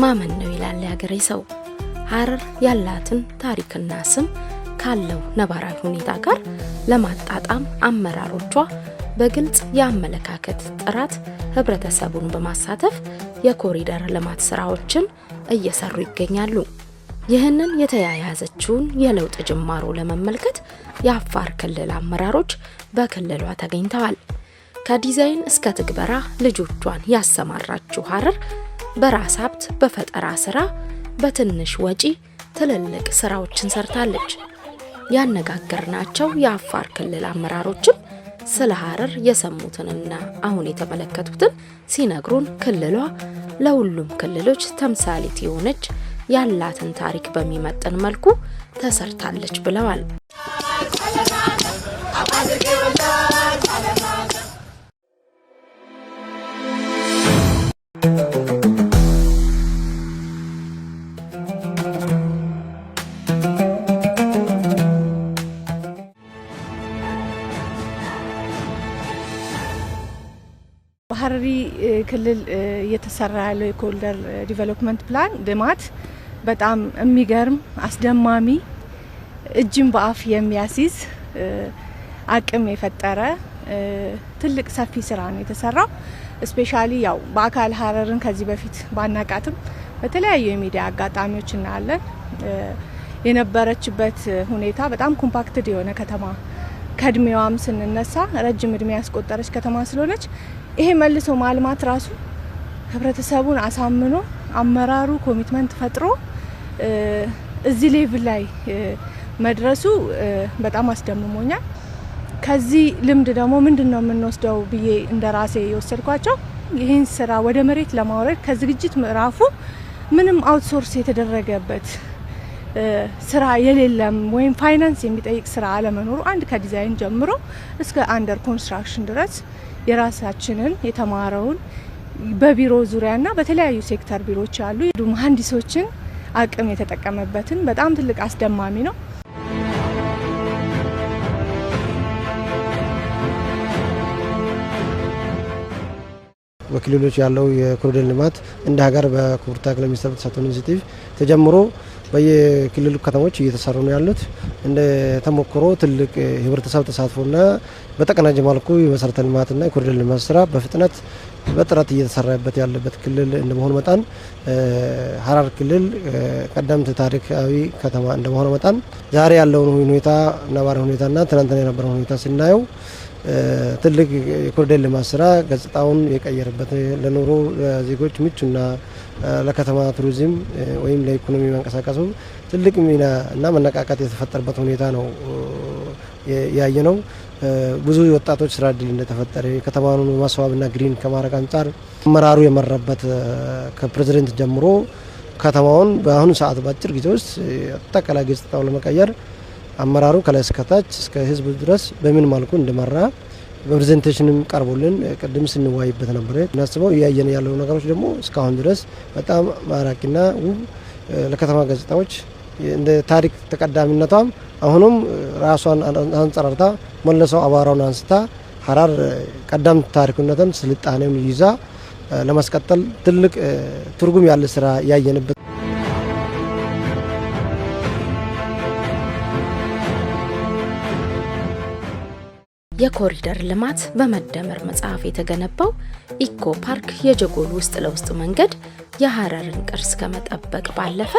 ማመን ነው ይላል የሀገሬ ሰው። ሀረር ያላትን ታሪክና ስም ካለው ነባራዊ ሁኔታ ጋር ለማጣጣም አመራሮቿ በግልጽ የአመለካከት ጥራት ህብረተሰቡን በማሳተፍ የኮሪደር ልማት ስራዎችን እየሰሩ ይገኛሉ። ይህንን የተያያዘችውን የለውጥ ጅማሮ ለመመልከት የአፋር ክልል አመራሮች በክልሏ ተገኝተዋል። ከዲዛይን እስከ ትግበራ ልጆቿን ያሰማራችው ሀረር በራስ ሀብት በፈጠራ ስራ በትንሽ ወጪ ትልልቅ ስራዎችን ሰርታለች። ያነጋገርናቸው የአፋር ክልል አመራሮችም ስለ ሀረር የሰሙትንና አሁን የተመለከቱትን ሲነግሩን ክልሏ ለሁሉም ክልሎች ተምሳሌት የሆነች ያላትን ታሪክ በሚመጥን መልኩ ተሰርታለች ብለዋል። ክልል እየተሰራ ያለው የኮሪደር ዲቨሎፕመንት ፕላን ልማት በጣም የሚገርም አስደማሚ፣ እጅን በአፍ የሚያስይዝ አቅም የፈጠረ ትልቅ ሰፊ ስራ ነው የተሰራው። እስፔሻሊ ያው በአካል ሀረርን ከዚህ በፊት ባናቃትም በተለያዩ የሚዲያ አጋጣሚዎች እናያለን። የነበረችበት ሁኔታ በጣም ኮምፓክትድ የሆነ ከተማ ከእድሜዋም ስንነሳ ረጅም እድሜ ያስቆጠረች ከተማ ስለሆነች ይሄ መልሶ ማልማት ራሱ ህብረተሰቡን አሳምኖ አመራሩ ኮሚትመንት ፈጥሮ እዚህ ሌቭል ላይ መድረሱ በጣም አስደምሞኛል። ከዚህ ልምድ ደግሞ ምንድን ነው የምንወስደው ብዬ እንደ ራሴ የወሰድኳቸው ይህን ስራ ወደ መሬት ለማውረድ ከዝግጅት ምዕራፉ ምንም አውትሶርስ የተደረገበት ስራ የሌለም ወይም ፋይናንስ የሚጠይቅ ስራ አለመኖሩ አንድ ከዲዛይን ጀምሮ እስከ አንደር ኮንስትራክሽን ድረስ የራሳችንን የተማረውን በቢሮ ዙሪያና በተለያዩ ሴክተር ቢሮዎች ያሉ መሀንዲሶችን አቅም የተጠቀመበትን በጣም ትልቅ አስደማሚ ነው። በክልሎች ያለው የኮሪደር ልማት እንደ ሀገር በክቡር ጠቅላይ ሚኒስትር በተሰጠው ኢኒሼቲቭ ተጀምሮ በየክልሉ ከተሞች እየተሰሩ ነው ያሉት። እንደ ተሞክሮ ትልቅ ህብረተሰብ ተሳትፎና በተቀናጀ መልኩ የመሰረተ ልማትና የኮሪደር ልማት ስራ በፍጥነት በጥረት እየተሰራበት ያለበት ክልል እንደመሆኑ መጣን ሀረር ክልል ቀደምት ታሪካዊ ከተማ እንደመሆኑ መጣን ዛሬ ያለውን ሁኔታ ነባራዊ ሁኔታና ትናንትና የነበረውን ሁኔታ ስናየው ትልቅ የኮሪደር ልማት ስራ ገጽታውን የቀየረበት ለኑሮ ዜጎች ምቹና ለከተማ ቱሪዝም ወይም ለኢኮኖሚ መንቀሳቀሱ ትልቅ ሚና እና መነቃቃት የተፈጠረበት ሁኔታ ነው ያየ ነው። ብዙ የወጣቶች ስራ እድል እንደተፈጠረ ከተማውን ማስዋብና ግሪን ከማድረግ አንጻር አመራሩ የመራበት ከፕሬዚደንት ጀምሮ ከተማውን በአሁኑ ሰዓት በአጭር ጊዜ ውስጥ አጠቃላይ ገጽታውን ለመቀየር አመራሩ ከላይ እስከታች እስከ ህዝብ ድረስ በምን መልኩ እንደመራ በፕሬዘንቴሽንም ቀርቦልን ቅድም ስንወያይበት ነበረ። እናስበው እያየን ያለው ነገሮች ደግሞ እስካሁን ድረስ በጣም ማራኪና ውብ ለከተማ ገጽታዎች እንደ ታሪክ ተቀዳሚነቷም አሁኑም ራሷን አንጸራርታ መለሰው አቧራውን አንስታ ሀራር ቀዳም ታሪክነትን ስልጣኔውን ይዛ ለማስቀጠል ትልቅ ትርጉም ያለ ስራ ያየንበት የኮሪደር ልማት በመደመር መጽሐፍ የተገነባው ኢኮ ፓርክ የጀጎል ውስጥ ለውስጥ መንገድ የሐረርን ቅርስ ከመጠበቅ ባለፈ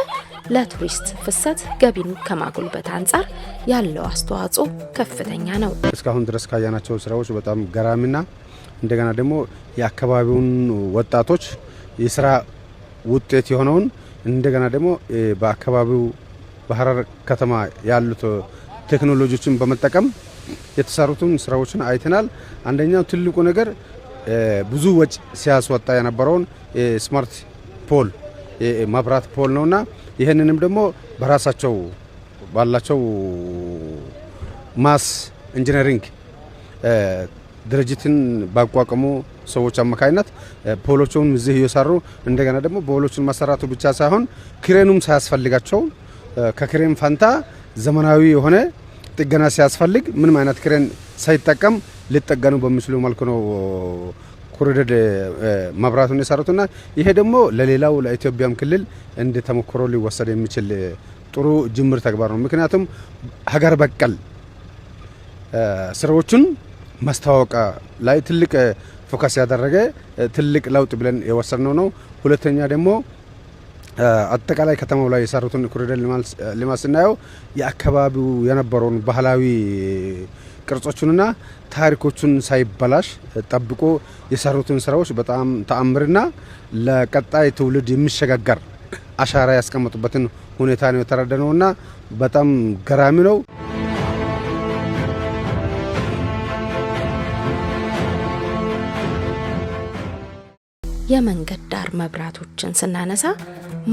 ለቱሪስት ፍሰት ገቢን ከማጉልበት አንጻር ያለው አስተዋጽኦ ከፍተኛ ነው። እስካሁን ድረስ ካያናቸው ስራዎች በጣም ገራሚና እንደገና ደግሞ የአካባቢውን ወጣቶች የስራ ውጤት የሆነውን እንደገና ደግሞ በአካባቢው በሐረር ከተማ ያሉት ቴክኖሎጂዎችን በመጠቀም የተሰሩትን ስራዎችን አይተናል። አንደኛው ትልቁ ነገር ብዙ ወጪ ሲያስወጣ የነበረውን ስማርት ፖል መብራት ፖል ነውና ይህንንም ደግሞ በራሳቸው ባላቸው ማስ ኢንጂነሪንግ ድርጅትን ባቋቋሙ ሰዎች አማካኝነት ፖሎቹን እዚህ እየሰሩ እንደገና ደግሞ ፖሎቹን መሰራቱ ብቻ ሳይሆን ክሬኑም ሳያስፈልጋቸው ከክሬን ፈንታ ዘመናዊ የሆነ ጥገና ሲያስፈልግ ምንም አይነት ክሬን ሳይጠቀም ሊጠገኑ በሚችሉ መልኩ ነው ኮሪደር መብራቱን የሰሩትና ይሄ ደግሞ ለሌላው ለኢትዮጵያም ክልል እንደ ተሞክሮ ሊወሰድ የሚችል ጥሩ ጅምር ተግባር ነው። ምክንያቱም ሀገር በቀል ስራዎቹን ማስታወቂያ ላይ ትልቅ ፎከስ ያደረገ ትልቅ ለውጥ ብለን የወሰድነው ነው። ሁለተኛ ደግሞ አጠቃላይ ከተማው ላይ የሰሩትን ኮሪደር ልማት ስናየው የአካባቢው የነበረውን ባህላዊ ቅርጾቹንና ታሪኮቹን ሳይበላሽ ጠብቆ የሰሩትን ስራዎች በጣም ተአምርና ለቀጣይ ትውልድ የሚሸጋገር አሻራ ያስቀመጡበትን ሁኔታ ነው የተረዳ ነውና በጣም ገራሚ ነው። የመንገድ ዳር መብራቶችን ስናነሳ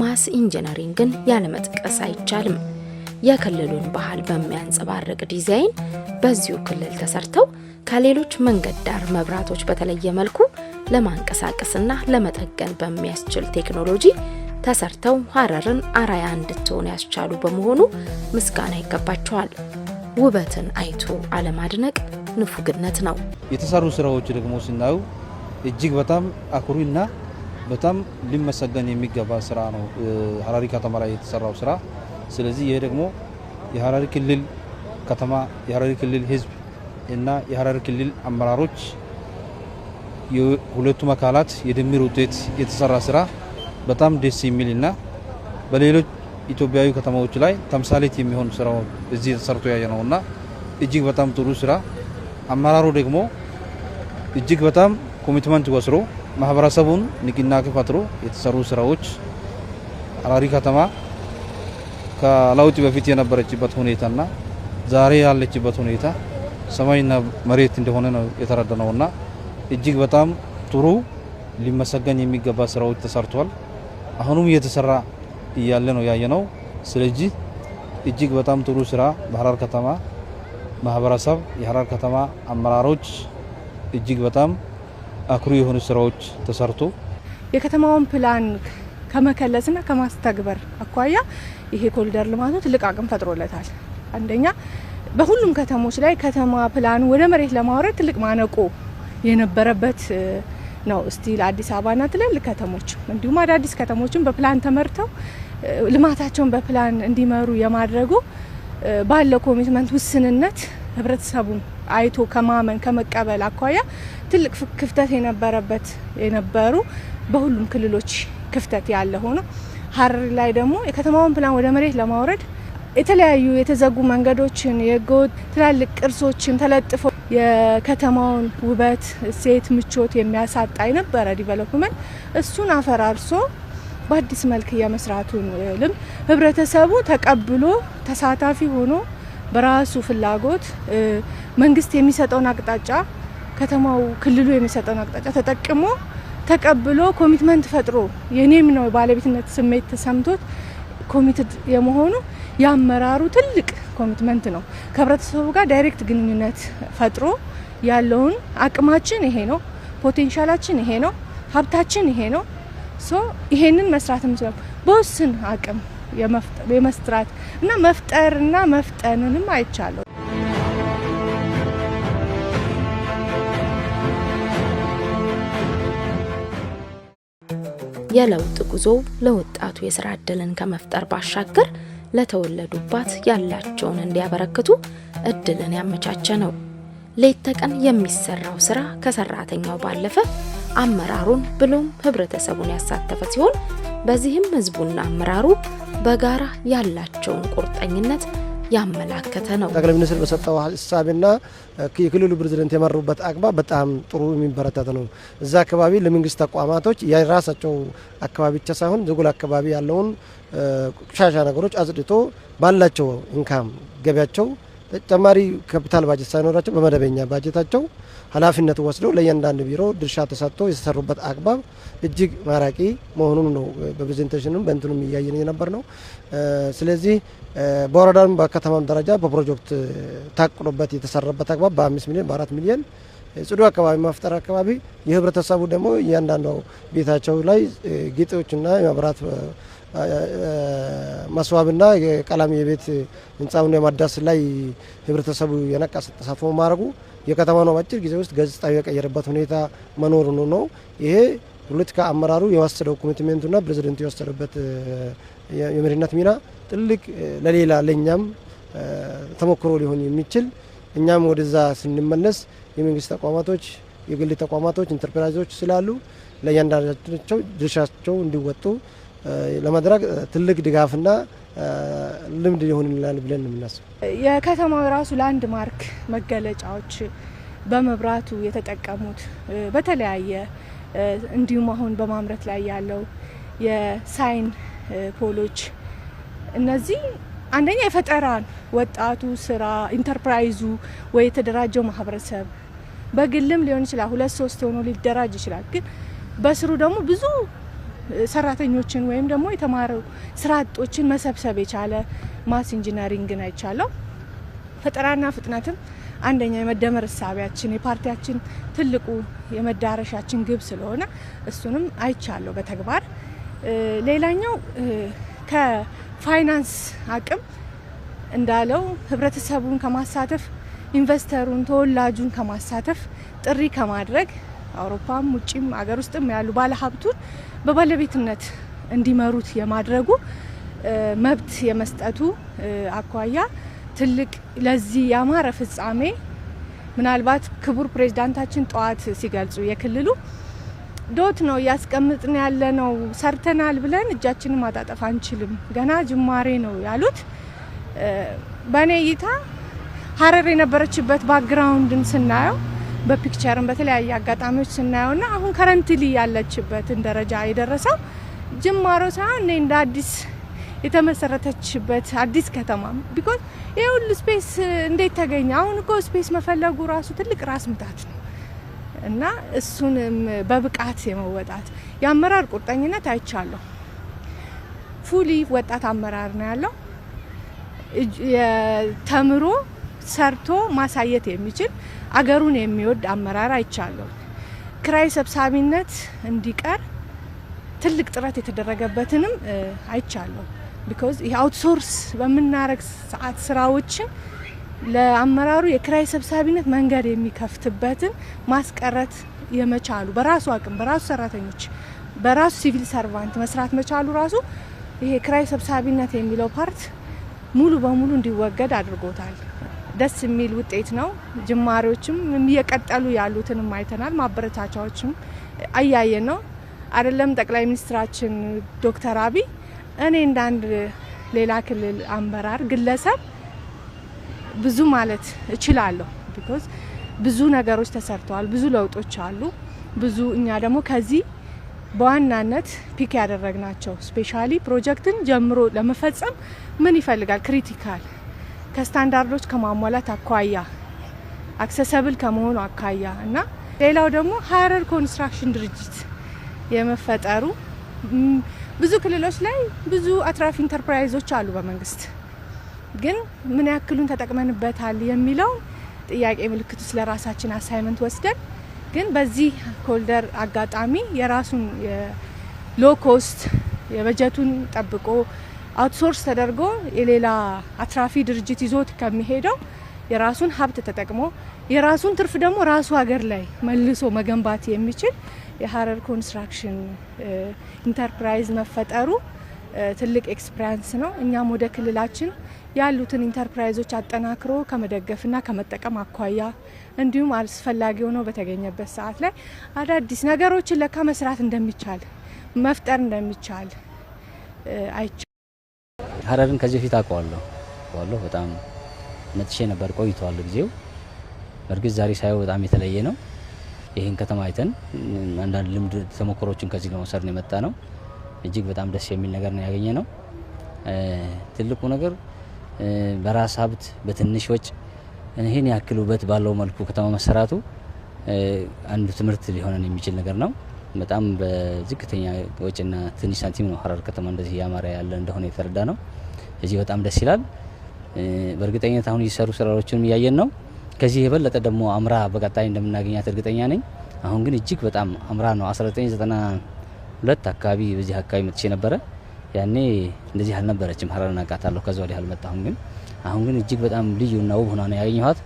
ማስ ኢንጂነሪንግን ያለመጥቀስ አይቻልም። የክልሉን ባህል በሚያንጸባርቅ ዲዛይን በዚሁ ክልል ተሰርተው ከሌሎች መንገድ ዳር መብራቶች በተለየ መልኩ ለማንቀሳቀስና ለመጠገን በሚያስችል ቴክኖሎጂ ተሰርተው ሀረርን አራያ እንድትሆን ያስቻሉ በመሆኑ ምስጋና ይገባቸዋል። ውበትን አይቶ አለማድነቅ ንፉግነት ነው። የተሰሩ ስራዎች ደግሞ ስናዩ እጅግ በጣም አኩሪና በጣም ሊመሰገን የሚገባ ስራ ነው ሀረሪ ከተማ ላይ የተሰራው ስራ። ስለዚህ ይሄ ደግሞ የሀረሪ ክልል ከተማ፣ የሀረሪ ክልል ህዝብ እና የሀረሪ ክልል አመራሮች የሁለቱም አካላት የድምር ውጤት የተሰራ ስራ በጣም ደስ የሚል በሌሎች ኢትዮጵያዊ ከተማዎች ላይ ተምሳሌት የሚሆን ስራ እዚህ ተሰርቶ ያየ ነው እና እጅግ በጣም ጥሩ ስራ አመራሩ ደግሞ እጅግ በጣም ኮሚትመንት ወስሮ ማህበረሰቡን ንቅናቄ ፈጥሮ የተሰሩ ስራዎች ሀረሪ ከተማ ከለውጥ በፊት የነበረችበት ሁኔታና ዛሬ ያለችበት ሁኔታ ሰማይና መሬት እንደሆነ ነው የተረዳነውና እጅግ በጣም ጥሩ ሊመሰገን የሚገባ ስራዎች ተሰርቷል። አሁኑም እየተሰራ እያለ ነው ያየነው። ስለዚህ እጅግ በጣም ጥሩ ስራ በሀረር ከተማ ማህበረሰብ፣ የሀረር ከተማ አመራሮች እጅግ በጣም አኩሪ የሆኑ ስራዎች ተሰርቶ የከተማውን ፕላን ከመከለስና ከማስተግበር አኳያ ይሄ ኮሪደር ልማቱ ትልቅ አቅም ፈጥሮለታል። አንደኛ በሁሉም ከተሞች ላይ ከተማ ፕላኑ ወደ መሬት ለማውረድ ትልቅ ማነቆ የነበረበት ነው። እስቲል አዲስ አበባና ትላልቅ ከተሞች እንዲሁም አዳዲስ ከተሞችን በፕላን ተመርተው ልማታቸውን በፕላን እንዲመሩ የማድረጉ ባለው ኮሚትመንት ውስንነት ህብረተሰቡን አይቶ ከማመን ከመቀበል አኳያ ትልቅ ክፍተት የነበረበት የነበሩ በሁሉም ክልሎች ክፍተት ያለ ሆኖ ሀረሪ ላይ ደግሞ የከተማውን ፕላን ወደ መሬት ለማውረድ የተለያዩ የተዘጉ መንገዶችን የህገወጥ ትላልቅ ቅርሶችን ተለጥፎ የከተማውን ውበት፣ ሴት ምቾት የሚያሳጣ የነበረ ዲቨሎፕመንት እሱን አፈራርሶ በአዲስ መልክ የመስራቱን ልም ህብረተሰቡ ተቀብሎ ተሳታፊ ሆኖ በራሱ ፍላጎት መንግስት የሚሰጠውን አቅጣጫ ከተማው ክልሉ የሚሰጠን አቅጣጫ ተጠቅሞ ተቀብሎ ኮሚትመንት ፈጥሮ የኔም ነው ባለቤትነት ስሜት ተሰምቶት ኮሚትድ የመሆኑ የአመራሩ ትልቅ ኮሚትመንት ነው። ከህብረተሰቡ ጋር ዳይሬክት ግንኙነት ፈጥሮ ያለውን አቅማችን ይሄ ነው፣ ፖቴንሻላችን ይሄ ነው፣ ሀብታችን ይሄ ነው። ሶ ይሄንን መስራት የምችለው በውስን አቅም የመስራት እና መፍጠርና መፍጠንንም አይቻለሁ። የለውጥ ጉዞ ለወጣቱ የስራ እድልን ከመፍጠር ባሻገር ለተወለዱባት ያላቸውን እንዲያበረክቱ እድልን ያመቻቸ ነው። ሌት ተቀን የሚሰራው ስራ ከሰራተኛው ባለፈ አመራሩን ብሎም ህብረተሰቡን ያሳተፈ ሲሆን በዚህም ህዝቡና አመራሩ በጋራ ያላቸውን ቁርጠኝነት ያመላከተ ነው። ጠቅላይ ሚኒስትር በሰጠው ሀሳብና የክልሉ ፕሬዚደንት የመሩበት አግባብ በጣም ጥሩ የሚበረታት ነው። እዛ አካባቢ ለመንግስት ተቋማቶች የራሳቸው አካባቢ ብቻ ሳይሆን ዝጉል አካባቢ ያለውን ቆሻሻ ነገሮች አጽድቶ ባላቸው ኢንካም ገቢያቸው ተጨማሪ ካፒታል ባጀት ሳይኖራቸው በመደበኛ ባጀታቸው ኃላፊነት ወስደው ለእያንዳንድ ቢሮ ድርሻ ተሰጥቶ የተሰሩበት አግባብ እጅግ ማራቂ መሆኑን ነው በፕሬዘንቴሽንም በእንትኑም እያየን የነበር ነው። ስለዚህ በወረዳም በከተማም ደረጃ በፕሮጀክት ታቅዶበት የተሰራበት አግባብ በአምስት ሚሊዮን በአራት ሚሊዮን ጽዱ አካባቢ መፍጠር አካባቢ የህብረተሰቡ ደግሞ እያንዳንዱ ቤታቸው ላይ ጌጦችና የመብራት መስዋብና ቀለም የቤት ህንፃውን የማዳስ ላይ ህብረተሰቡ የነቃ ተሳትፎ ማድረጉ የከተማ ነው አጭር ጊዜ ውስጥ ገጽታ የቀየረበት ሁኔታ መኖሩ ነው። ይሄ ፖለቲካ አመራሩ የወሰደው ኮሚትሜንቱና ፕሬዚደንቱ የወሰደበት የመሪነት ሚና ትልቅ ለሌላ ለእኛም ተሞክሮ ሊሆን የሚችል እኛም ወደዛ ስንመለስ የመንግስት ተቋማቶች፣ የግል ተቋማቶች፣ ኢንተርፕራይዞች ስላሉ ለእያንዳንዳቸው ድርሻቸው እንዲወጡ ለማድረግ ትልቅ ድጋፍና ልምድ ይሆንልናል ብለን የምናስብ የከተማው ራሱ ላንድ ማርክ መገለጫዎች በመብራቱ የተጠቀሙት በተለያየ እንዲሁም አሁን በማምረት ላይ ያለው የሳይን ፖሎች እነዚህ አንደኛ የፈጠራን ወጣቱ ስራ ኢንተርፕራይዙ ወይ የተደራጀው ማህበረሰብ በግልም ሊሆን ይችላል። ሁለት ሶስት ሆኖ ሊደራጅ ይችላል። ግን በስሩ ደግሞ ብዙ ሰራተኞችን ወይም ደግሞ የተማረ ስራ አጦችን መሰብሰብ የቻለ ማስ ኢንጂነሪንግን አይቻለው። ፈጠራና ፍጥነትም አንደኛ የመደመር እሳቢያችን የፓርቲያችን ትልቁ የመዳረሻችን ግብ ስለሆነ እሱንም አይቻለሁ በተግባር። ሌላኛው ከፋይናንስ አቅም እንዳለው ህብረተሰቡን ከማሳተፍ ኢንቨስተሩን ተወላጁን ከማሳተፍ ጥሪ ከማድረግ አውሮፓም ውጭም አገር ውስጥም ያሉ ባለሀብቱን በባለቤትነት እንዲመሩት የማድረጉ መብት የመስጠቱ አኳያ ትልቅ ለዚህ ያማረ ፍጻሜ ምናልባት ክቡር ፕሬዚዳንታችን ጠዋት ሲገልጹ የክልሉ ዶት ነው እያስቀምጥን ያለ ነው። ሰርተናል ብለን እጃችንን ማጣጠፍ አንችልም፣ ገና ጅማሬ ነው ያሉት። በእኔ እይታ ሀረር የነበረችበት ባክግራውንድን ስናየው በፒክቸርም በተለያየ አጋጣሚዎች ስናየው ና አሁን ከረንትሊ ያለችበትን ደረጃ የደረሰው ጅማሮ ሳይሆን እንደ አዲስ የተመሰረተችበት አዲስ ከተማ ቢኮዝ ይህ ሁሉ ስፔስ እንዴት ተገኘ? አሁን እኮ ስፔስ መፈለጉ ራሱ ትልቅ ራስ ምታት ነው እና እሱንም በብቃት የመወጣት የአመራር ቁርጠኝነት አይቻለሁ። ፉሊ ወጣት አመራር ነው ያለው። ተምሮ ሰርቶ ማሳየት የሚችል አገሩን የሚወድ አመራር አይቻለሁ። ክራይ ሰብሳቢነት እንዲቀር ትልቅ ጥረት የተደረገበትንም አይቻለሁ። ቢኮዝ ይህ አውትሶርስ በምናረግ ሰዓት ስራዎችን ለአመራሩ የክራይ ሰብሳቢነት መንገድ የሚከፍትበትን ማስቀረት የመቻሉ በራሱ አቅም በራሱ ሰራተኞች በራሱ ሲቪል ሰርቫንት መስራት መቻሉ ራሱ ይሄ ክራይ ሰብሳቢነት የሚለው ፓርት ሙሉ በሙሉ እንዲወገድ አድርጎታል። ደስ የሚል ውጤት ነው። ጅማሬዎችም እየቀጠሉ ያሉትንም አይተናል። ማበረታቻዎችም አያየን ነው አይደለም። ጠቅላይ ሚኒስትራችን ዶክተር አብይ እኔ እንደ አንድ ሌላ ክልል አመራር ግለሰብ ብዙ ማለት እችላለሁ። ቢኮዝ ብዙ ነገሮች ተሰርተዋል፣ ብዙ ለውጦች አሉ። ብዙ እኛ ደግሞ ከዚህ በዋናነት ፒክ ያደረግናቸው ስፔሻሊ ፕሮጀክትን ጀምሮ ለመፈጸም ምን ይፈልጋል ክሪቲካል ከስታንዳርዶች ከማሟላት አኳያ አክሰሰብል ከመሆኑ አኳያ እና ሌላው ደግሞ ሀረር ኮንስትራክሽን ድርጅት የመፈጠሩ ብዙ ክልሎች ላይ ብዙ አትራፊ ኢንተርፕራይዞች አሉ። በመንግስት ግን ምን ያክሉን ተጠቅመንበታል የሚለው ጥያቄ ምልክት ውስጥ ለራሳችን አሳይመንት ወስደን ግን በዚህ ኮልደር አጋጣሚ የራሱን የሎ ኮስት የበጀቱን ጠብቆ አውትሶርስ ተደርጎ የሌላ አትራፊ ድርጅት ይዞት ከሚሄደው የራሱን ሀብት ተጠቅሞ የራሱን ትርፍ ደግሞ ራሱ ሀገር ላይ መልሶ መገንባት የሚችል የሀረር ኮንስትራክሽን ኢንተርፕራይዝ መፈጠሩ ትልቅ ኤክስፒሪያንስ ነው። እኛም ወደ ክልላችን ያሉትን ኢንተርፕራይዞች አጠናክሮ ከመደገፍና ከመጠቀም አኳያ እንዲሁም አስፈላጊ ሆኖ በተገኘበት ሰዓት ላይ አዳዲስ ነገሮችን ለካ መስራት እንደሚቻል መፍጠር እንደሚቻል አይቻል ሀረርን ከዚህ በፊት አውቀዋለሁ አውቀዋለሁ በጣም መጥሼ ነበር ቆይተዋል ጊዜው። በእርግጥ ዛሬ ሳየው በጣም የተለየ ነው። ይህን ከተማ አይተን አንዳንድ ልምድ ተሞክሮችን ከዚህ ለመውሰድ ነው የመጣ ነው። እጅግ በጣም ደስ የሚል ነገር ነው ያገኘ ነው። ትልቁ ነገር በራስ ሀብት በትንሽ ወጭ ይህን ያክል ውበት ባለው መልኩ ከተማ መሰራቱ አንዱ ትምህርት ሊሆነን የሚችል ነገር ነው። በጣም በዝቅተኛ ወጪና ትንሽ ሳንቲም ነው ሀረር ከተማ እንደዚህ እያማረ ያለ እንደሆነ የተረዳ ነው። እዚህ በጣም ደስ ይላል። በእርግጠኝነት አሁን እየሰሩ ስራዎችንም እያየን ነው። ከዚህ የበለጠ ደግሞ አምራ በቀጣይ እንደምናገኛት እርግጠኛ ነኝ። አሁን ግን እጅግ በጣም አምራ ነው። 1992 አካባቢ በዚህ አካባቢ መጥቼ ነበረ። ያኔ እንደዚህ አልነበረችም ሀረርን አውቃታለሁ። ከዛ ወዲህ አልመጣሁም። ግን አሁን ግን እጅግ በጣም ልዩና ውብ ሆና ነው ያገኘኋት።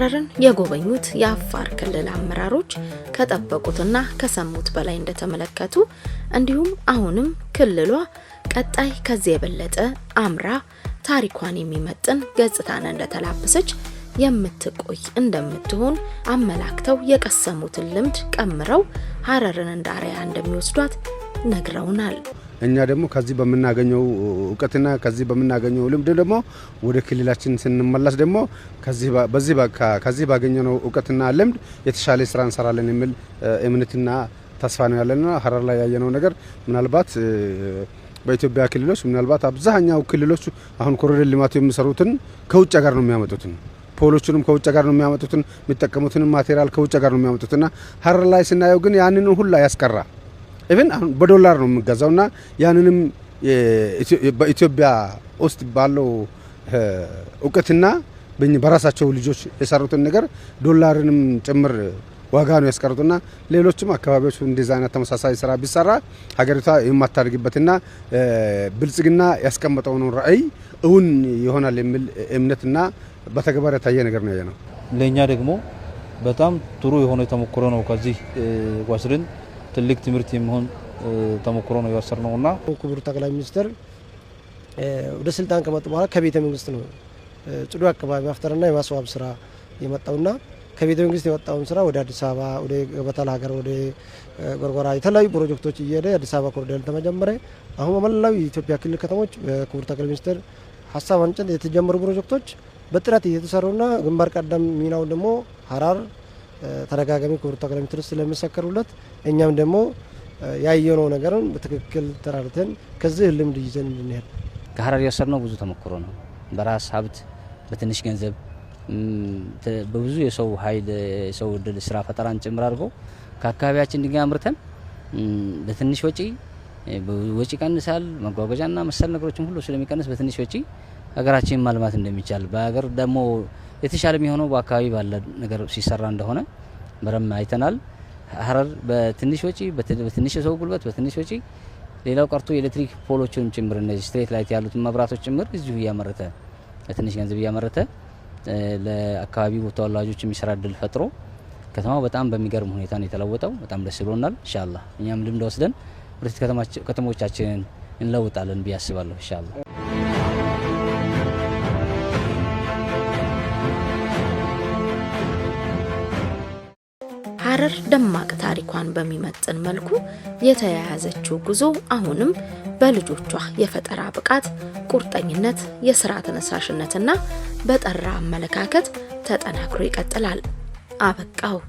ሐረርን የጎበኙት የአፋር ክልል አመራሮች ከጠበቁትና ከሰሙት በላይ እንደተመለከቱ እንዲሁም አሁንም ክልሏ ቀጣይ ከዚህ የበለጠ አምራ ታሪኳን የሚመጥን ገጽታን እንደተላበሰች የምትቆይ እንደምትሆን አመላክተው የቀሰሙትን ልምድ ቀምረው ሀረርን እንደ እንደሚወስዷት ነግረውናል። እኛ ደግሞ ከዚህ በምናገኘው እውቀትና ከዚህ በምናገኘው ልምድ ደግሞ ወደ ክልላችን ስንመላስ ደግሞ ከዚህ ባገኘነው እውቀትና ልምድ የተሻለ ስራ እንሰራለን የሚል እምነትና ተስፋ ነው ያለንና ሀረር ላይ ያየነው ነገር ምናልባት በኢትዮጵያ ክልሎች ምናልባት አብዛኛው ክልሎች አሁን ኮሪደር ልማቱ የሚሰሩትን ከውጭ ሀገር ነው የሚያመጡትን ፖሎችንም ከውጭ ጋር ነው የሚያመጡትን የሚጠቀሙትንም ማቴሪያል ከውጭ ጋር ነው የሚያመጡትና ሀረር ላይ ስናየው ግን ያንን ሁላ ያስቀራ ኢቨን አሁን በዶላር ነው የምገዛው እና ያንንም በኢትዮጵያ ውስጥ ባለው እውቀትና በራሳቸው ልጆች የሰሩትን ነገር ዶላርንም ጭምር ዋጋ ነው ያስቀሩትና ሌሎችም አካባቢዎች እንደዚህ አይነት ተመሳሳይ ስራ ቢሰራ ሀገሪቷ የማታደርግበትና ብልጽግና ያስቀመጠውን ራዕይ እውን ይሆናል የሚል እምነትና በተግባር የታየ ነገር ነው ነው። ለእኛ ደግሞ በጣም ጥሩ የሆነ ተሞክሮ ነው ከዚህ ወስደን ትልቅ ትምህርት የሚሆን ተሞክሮ ነው የወሰድነው እና ክቡር ጠቅላይ ሚኒስትር ወደ ስልጣን ከመጡ በኋላ ከቤተ መንግስት ነው ጽዱ አካባቢ ማፍጠርና የማስዋብ ስራ የመጣውና ከቤተ መንግስት የወጣውን ስራ ወደ አዲስ አበባ ወደ ገበታ ለሀገር ወደ ጎርጎራ የተለያዩ ፕሮጀክቶች እየሄደ አዲስ አበባ ኮሪደር ተመጀመረ። አሁን በመላው የኢትዮጵያ ክልል ከተሞች በክቡር ጠቅላይ ሚኒስትር ሀሳብ አንጭት የተጀመሩ ፕሮጀክቶች በጥረት እየተሰሩና ግንባር ቀደም ሚናውን ደግሞ ሀራር ተደጋጋሚ ክቡር ጠቅላይ ሚኒስትር ስለመሰከሩለት እኛም ደግሞ ያየነው ነገርን በትክክል ተራርተን ከዚህ ልምድ ይዘን እንድንሄድ ከሀረር የወሰድነው ብዙ ተሞክሮ ነው። በራስ ሀብት በትንሽ ገንዘብ በብዙ የሰው ኃይል የሰው እድል ስራ ፈጠራን ጭምር አድርጎ ከአካባቢያችን ድንጋይ አምርተን በትንሽ ወጪ ወጪ ቀንሳል መጓጓዣና መሰል ነገሮችም ሁሉ ስለሚቀንስ በትንሽ ወጪ ሀገራችን ማልማት እንደሚቻል በሀገር ደግሞ የተሻለ የሚሆነው በአካባቢ ባለ ነገር ሲሰራ እንደሆነ በረም አይተናል። ሀረር በትንሽ ወጪ፣ በትንሽ የሰው ጉልበት፣ በትንሽ ወጪ ሌላው ቀርቶ የኤሌክትሪክ ፖሎችን ጭምር እነዚህ ስትሬት ላይት ያሉት መብራቶች ጭምር እዚሁ እያመረተ በትንሽ ገንዘብ እያመረተ ለአካባቢው ተወላጆች የሚሰራ እድል ፈጥሮ ከተማው በጣም በሚገርም ሁኔታ ነው የተለወጠው። በጣም ደስ ብሎናል። ኢንሻአላህ እኛም ልምድ ወስደን ወደፊት ከተሞቻችንን እንለውጣለን ብዬ አስባለሁ። ኢንሻአላህ ሐረር ደማቅ ታሪኳን በሚመጥን መልኩ የተያያዘችው ጉዞ አሁንም በልጆቿ የፈጠራ ብቃት፣ ቁርጠኝነት፣ የስራ ተነሳሽነትና በጠራ አመለካከት ተጠናክሮ ይቀጥላል። አበቃው።